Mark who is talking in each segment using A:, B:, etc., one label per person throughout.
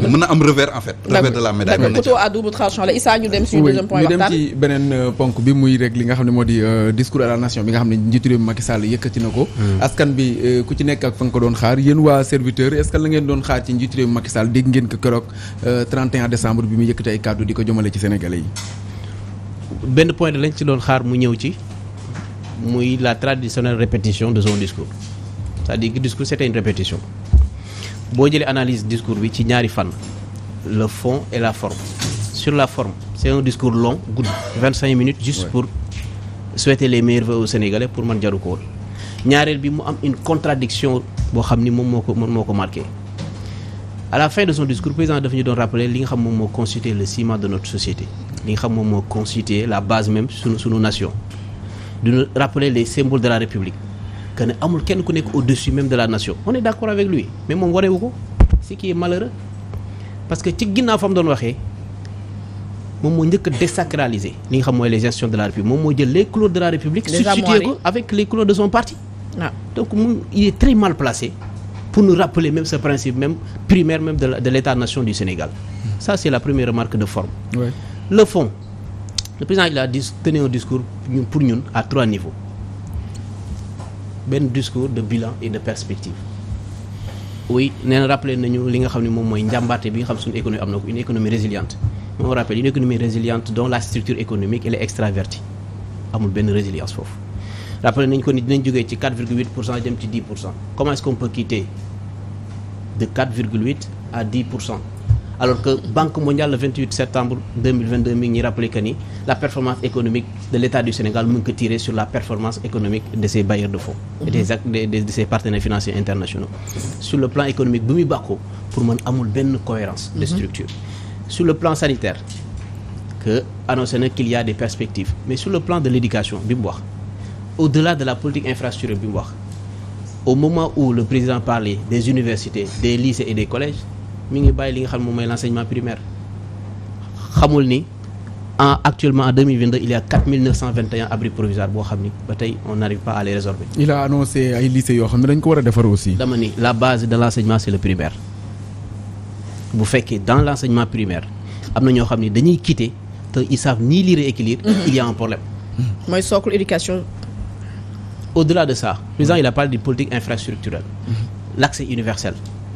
A: mën na am revers en fait. revers de la médaille d'
B: accord ci
A: beneen euh, ponk bi muy rek li nga xam ne moo di euh, discours à la nation bi nga xam ne njiitu réew mi Macky yëkkati na ko. Hmm. askan bi euh, ku ci nekk ak fa nga ko doon xaar yéen waa serviteur est ce que la ngeen doon xaar ci njiitu réew mi Macky Sall dégg ngeen ko keroog 31 décembre bi mu yëkkati ay kàddu di ko jëmale ci sénégalais yi.
B: benn point lañ ci doon xaar mu ñëw ci muy la traditionnelle répétition de son discours cest répétition. boo jëlee analyse discours bi ci ñaari fan le fond et la forme sur la forme c'est un discours long gudd vingt cinq minutes juste pour souhaiter les meilleurs vœux aux Sénégalais pour man jaru ko woon ñaareel bi mu am une contradiction boo xam ni moom moo ko moom moo ko marqué à la fin de son discours président dafa ñu doon rappeler li nga xam moom moo constitué le ciment de notre société li nga xam moom moo constitué la base même suñu suñu nation du nu rappeler les symboles de la République que ne amul kenn ku nekk au-dessus même de la nation on d'accord avec lui mais moom wareewu ko ce qui est malheureux parce que ci ginnaaw fa mu doon waxee moom moo njëkk a désacraliser li nga xam mooy les gestions de la république moom moo jël les couleurs de la république substituer ko avec les couleurs de son parti waaw ah. donc mu il est très mal placé pour nous rappeler même ce principe même primaire même de, l'état-nation du Sénégal ça c'est la première remarque de forme le fond le président il a dit tenir benn discours de bilan et de perspective oui nee na rappelé nañu li nga xam ne moom mooy njàmbaate bi nga xam suñu économie am na ko une économie résiliente on rappelle une économie résiliente dont la structure économique elle est amul benn résilience foofu rappelé nañ ko ni dinañ jógee ci 4,8 pour cent dem ci 10 pour cent comment est-ce qu'on peut quitter de 4,8 à 10 pour cent alors que Banque mondiale le 28 septembre 2022 mi ngi ñuy ni la performance économique de l'État du Sénégal mu ngi ko tiré sur la performance économique de ses bailleurs de fonds et des de ses partenaires financiers internationaux sur le plan économique bu muy bàkkoo pour man amul benn cohérence de mhm. structure sur le plan sanitaire que annoncé na qu'il y a des perspectives mais sur le plan de l'éducation bi mu wax au-delà de la politique infrastructure bi mu wax au moment où le président parlait des universités des lycées et des collèges mi ngi bàyyi li nga xam ne moom mooy l'enseignement primaire xamul ni en actuellement en 2022 il y a 4921 abris provisoires boo xam ni ba tey on n'arrive pas à les résorber.
A: il a annoncé ay lycées yoo xam ne dañ ko war a defar aussi.
B: dama ni la base de l'enseignement c'est le primaire bu fekkee dans l'enseignement primaire am na ñoo xam ne dañuy quitter te ils savent ni lire et lire. Mm-hmm. il y a un problème. Mm-hmm. mooy socle éducation. au-delà de ça président mm-hmm. il a parlé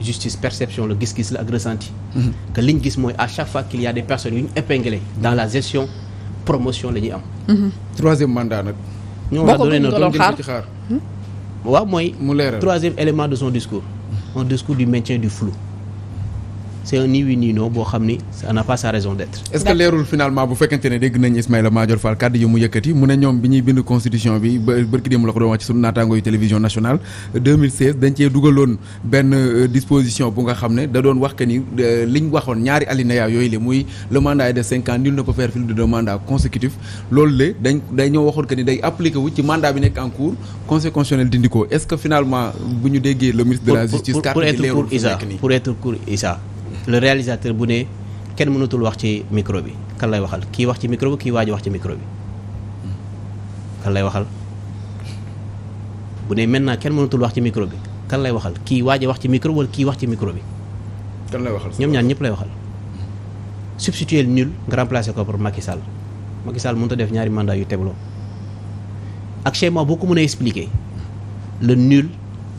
B: justice perception la gis-gis la ak ressenti mhm. que liñ gis mooy à chaque fois qu'il y a des yu ñu épinglées dans la gestion promotion la am mhm. troisième mandat nag ñoo la doon doon ci xaar waaw mooy troisième élément de son discours un discours du maintien du flou c'est un ni oui ni non boo xam ni ça n'a pas sa raison d'être. est-ce
A: que leerul finalement bu fekkente ne dégg nañ Ismaïla Madior Fall kàddu yu mu yëkkati mu ne ñoom bi ñuy bind constitution bi ba barki démb la ko doon wax ci sunu naataango yu nationale dañ cee dugaloon benn euh, disposition bu nga xam ne da doon wax que ni euh, liñ waxoon ñaari alinéa yooyu la muy le mandat est de cinq ans nul ne peut faire plus de mandat consécutif loolu la dañ day appliqué wu ci mandat bi nekk en cours conseil constitutionnel dindi ko ñu déggee le ministre de
B: le réalisateur bu ne kenn mënatul wax ci micro bi kan lay waxal kii wax ci micro kii waaj wax ci micro bi kan lay waxal bu ne maintenant kenn mënatul wax ci micro bi kan lay waxal kii waaj wax ci micro kii wax ci micro bi. kan lay waxal ñoom ñaan ñëpp lay waxal. substituer nul nga remplacer ko par Macky Sall Macky Sall mënut def ñaari mandat yu tegloo ak schéma boo ko mën a expliquer le nul.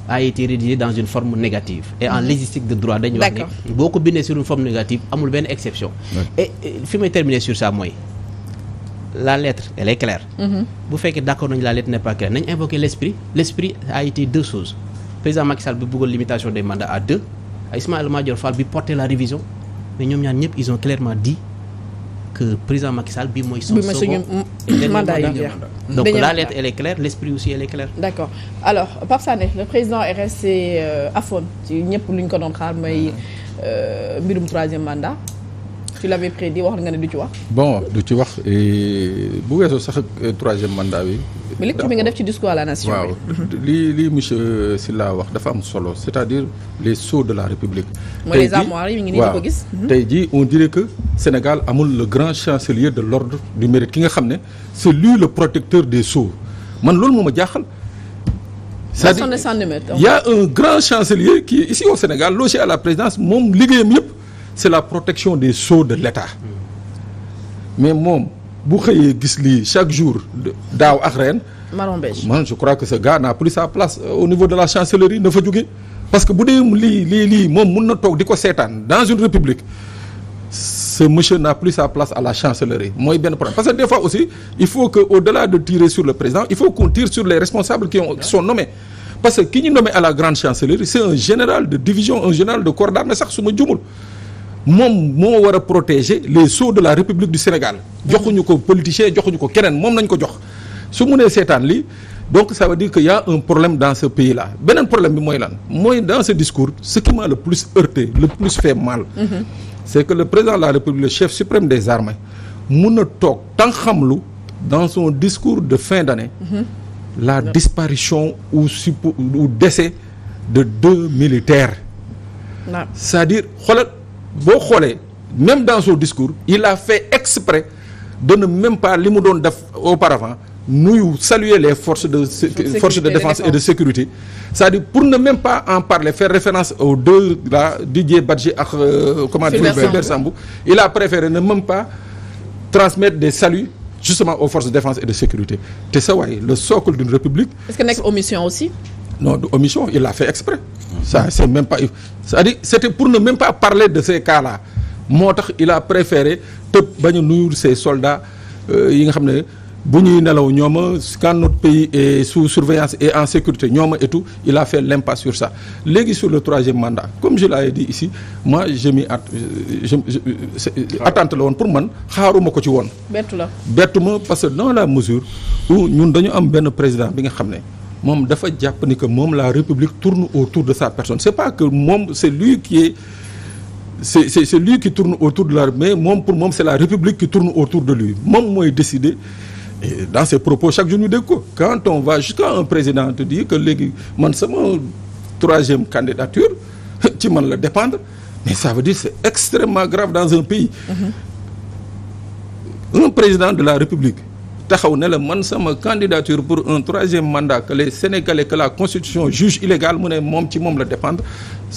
B: a été rédigé dans une forme négative et en mhm. légistique de droit dañu wax ni boo ko bindee sur une forme négative amul benn exception fi may terminer sur ça mooy la lettre elle claire mhm. bu fekkee d'accord nañu la lettre n'est claire nañ invoqué l'esprit l'esprit a été deux choses président Macky Sall bi bëggoon limitation des mandats à deux Ismaïla Madior bi porté la révision mais ñoom ñaar ñëpp ils ont clairement dit que président Macky bi mooy son second mandat yi jeex donc la lettre elle est claire l' esprit aussi elle est claire. d' accord alors Pape Sané le président est resté à fond ci ñëpp lu ñu ko doon xaar mooy hmm. euh, mbirum troisième mandat. tu l'avais prédit waxoon nga ne du ci wax.
C: bon du ci wax bu weesoo sax euh, troisième mandat bi.
A: mais lecture nga def ci discours à la nation. waaw
C: li li monsieur wax dafa am solo c'est-à-dire les sceaux de la République. mooy les armoiries yi ngi nii di ko gis. Mhm. tey jii on dirait que Sénégal amul le grand chancelier de l'ordre du mérite ki nga xam ne c'est lui le protecteur des so man loolu moom a jaaxal.
A: c'est-à-dire il y a
C: un grand chancelier qui est au Sénégal logé à la présidence moom liggéeyam yëpp. c'est la protection des sceaux de l'État mais moom bu xëyee gis lii chaque jour daaw ak ren je crois que ce gars n'a plus sa place euh, au niveau de la chancellerie na fa jóge parce que bu dee lii lii lii moom mun na toog di ko seetaan dans une république ce monsieur n'a plus sa place à la chancellerie mooy benn problème parce que des fois aussi il faut que au-delà de tirer sur le président il faut qu'on tire sur les responsables qui, sont nommés parce que division un général moom moo war a les sceaux de la République du Sénégal joxuñu ko politicien joxuñu ko keneen moom nañ ko jox su mu seetaan li donc ça veut dire que y a un problème dans ce pays là beneen problème bi mooy lan mooy dans ce discours ce qui plus heurté le plus fait mal mhm. c'est que le président la République le chef suprême des armées mun a toog tan xamlu dans son discours de fin d'année mhm. la disparition ou suppo ou décès de deux militaires cest à boo xoolee même dans son discours il a fait exprès de ne même pas li mu doon def auparavant nuyu saluer les forces de forces de défense et de sécurité c'est-à-dire pour ne même pas en parler faire référence aux deux là Didier Badji ak euh, comment dire Fulbert Sambou il a préféré ne même pas transmettre des saluts justement aux forces de défense et de sécurité te sa waay le socle d'une république
B: est-ce que nekk omission aussi
C: non de omission il l'a fait exprès ça c'est même pas c'est-à-dire c'était pour ne même pas parler de ces cas moo tax il a préféré tëb bañ a nuyu ses soldats euh, yi nga xam ne bu ñuy nelaw ñoo ma notre pays est sous surveillance et en sécurité ñoo ma tout il a fait l'impasse sur ça léegi sur le troisième mandat comme je l'avais dit ici moi je m'y at je ah. attente la woon pour man xaaruma ko ci woon bettu la bettu ma parce que dans la mesure où ñun dañu am benn président bi nga xam ne moom dafa jàpp ni que moom la république tourne autour de sa personne c'est pas que moom c'est lui qui est c'est c'est c'est lui qui tourne autour de la mais moom pour moom c'est la république qui tourne autour de lui moom mooy décider et dans ses propos chaque jour ñu dégg ko quand on va jusqu'à un président te que léegi man sama troisième candidature ci man la dépendre mais ça veut dire c'est extrêmement grave dans un pays mm-hmm. un président de la république taxaw ne la man sama candidature pour un troisième mandat que les Sénégalais que la constitution juge illégale mu ne moom ci moom la dépendre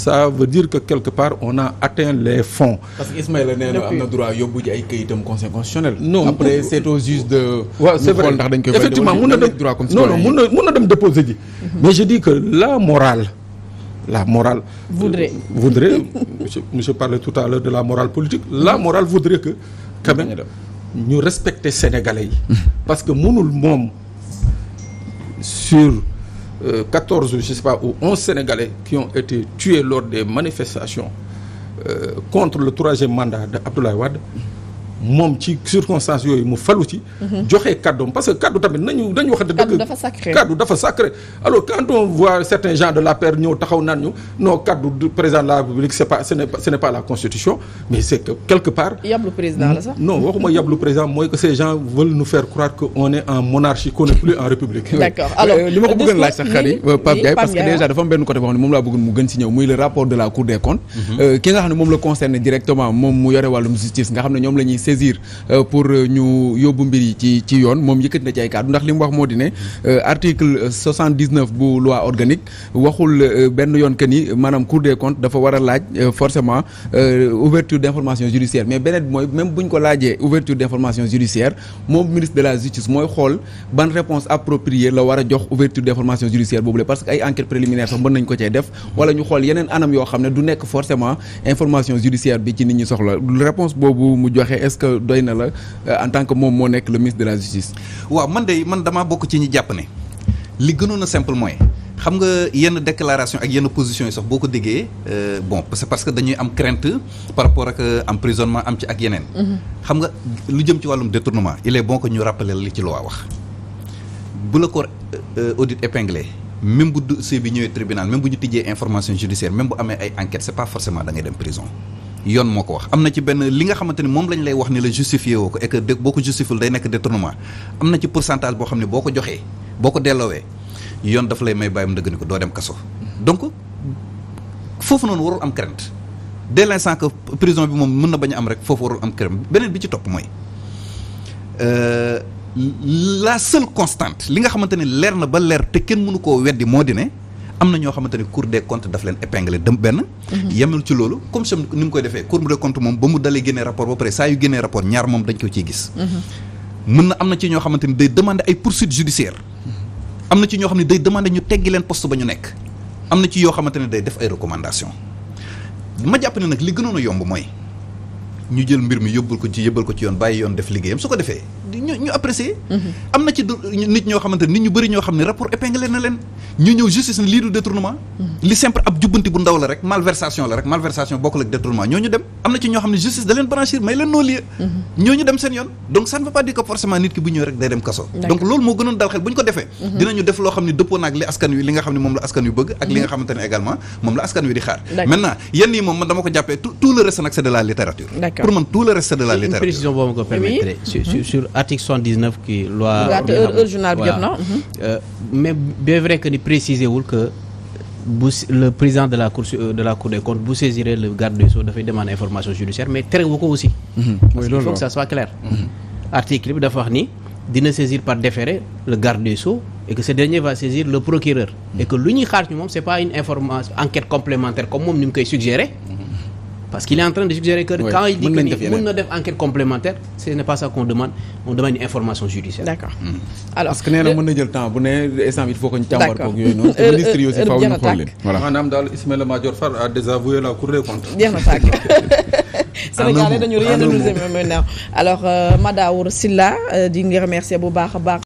C: ça veut dire que quelque part on a atteint les fonds. parce que am na droit
A: yóbbu ji ay këyitam conseil constitutionnel. non après c'est au juge de. waaw c'est vrai ndax effectivement dem non non mun na mun
C: dem déposer ji. Mhm. mais je dis que la morale. la morale.
B: voudrait voudrait
C: monsieur monsieur parlait tout à de la morale politique la mhm. morale voudrait que quand même. ñu respecter sénégalais yi. parce que mënul moom sur euh, quatorze euh, je sais pas ou onze sénégalais qui ont été tués lors des manifestations euh, contre le troisième mandat de Abdoulaye Wade. moom ci circonstances yooyu mu falu ci. Mhm. joxe kàddoom parce que kàddu tamit nañu dañu waxante dafa sacré kàddu dafa sacré alors quand on certains gens de l'APR ñëw taxaw naan ñu non kàddu président de la République c'est pas ce n'est pas la constitution mais c'est quelque part.
B: yablu président la sax. non
C: waxuma yablu président mooy que ces gens nous faire croire que on est en monarchie qu'on plus en république.
A: Euh, li ma ko bëggoon laaj sax saisir euh, pour euh, ñu yóbbu mbir yi ci ci yoon moom yëkkati na ci ay ndax li wax moo di ne euh, article bu loi organique waxul benn yoon que ni maanaam cour des comptes dafa war laaj forcément ouverture d'information judiciaire mais beneen mooy même bu ko laajee ouverture d'information judiciaire moom ministre de la justice mooy xool ban réponse appropriée la war jox ouverture d'information judiciaire boobu la parce que ay enquête préliminaire sax mën nañ ko que doy na la euh, en tant que moom moo nekk le ministre de la justice. waaw man de man damaa bokk ci ñi jàpp
D: ne li gënoon a simple mooy xam nga yenn déclaration ak yenn position yi sax boo ko déggee euh, bon parce que dañuy am crainte par rapport ak euh, emprisonnement am ci ak yeneen. Mhm. xam nga lu jëm ci wàllum détournement il bon que ñu rappeler li ci loi wax. bu la ko audit épinglé même bu dossier bi ñëwee tribunal même bu ñu tijjee information judiciaire même bu amee yoon moo ko wax am na ci benn li nga xamante ni moom lañ lay wax ni la justifié woo ko et que boo ko justifié day nekk détournement am na ci pourcentage boo xam ne boo ko joxee boo ko delloowee yoon dafa lay may bàyyam dëgg ni ko doo dem kaso donc foofu noonu warul am crainte dès l'instant que prison bi moom mën na bañ a am rek foofu warul am crainte beneen bi ci topp mooy euh, la seule constant li nga xamante ni leer na ba leer te kenn mënu koo weddi moo di ne am na ñoo xamante ne cour des comptes leen épinglé dem benn mhm. yemul ci loolu comme sam ni mu koy defee cour des comptes moom ba mu dalee génnee rapport ba pare saa yu génnee rapport ñaar moom dañ ko ciy gis mhm. mën na am na ci ñoo xamante ni day demande ay poursuites judiciaires am na ci ñoo xam ne day demander ñu teggi leen poste ba ñu na ci yoo xamante ne day def ay recommandations ma jàpp ne nag li gënoon a yomb mooy ñu jël mbir mi yóbbul ko ci yóbbal ko ci yoon bàyyi yoon def liggéeyam su ko defee ñu ñu apprécier. Mhm. am na ci nit ñoo xamante nit ñu bëri ñoo xam ne rapport épinglé na leen ñu ñëw justice ne lii du détournement. Mhm. li simple ab jubbanti bu ndaw la rek malversation la rek malversation bokkul ak détournement ñoo dem am na ci ñoo xam ne justice da leen may leen non lieu. Mhm. ñoo ñu dem seen yoon donc ça ne veut pas dire que nit ki bu ko defee. dinañu def loo xam ne dëppoo naag d'accord pour man tout le reste de la littérature. une
B: précision boo ma ko permettre. sur sur sur article heure euh, euh, journal bi jot na euh, mais bien vrai que ni préciser wul que. bu le président de la cour de la cour des comptes bu saisiree le garde des Sceaux dafay demander information judiciaire mais terewu ko aussi. Mm-hmm. il faut que ça soit clair. Mm-hmm. article bi dafa wax ni dina saisir par déféré le garde des Sceaux et que ce dernier va saisir le procureur. et que lu ñuy xaar ci moom c'est pas une parce qu'il est en de suggérer que mën na def enquête complémentaire ce n'est pas qu'on demande on demande information judiciaire d'accord hmm. parce que nee mën na jël temps
A: bu ne instant il faut que ñu càmbar koog yooyu noonu te euh, ministre yi aussi euh, faaw ñu xool leen voilà
B: maanaam daal Ismaïla Madior Fall na tàkk Sénégalais dañu rien à nous aimer maintenant euh, Silla di ngi remercier bu baax baax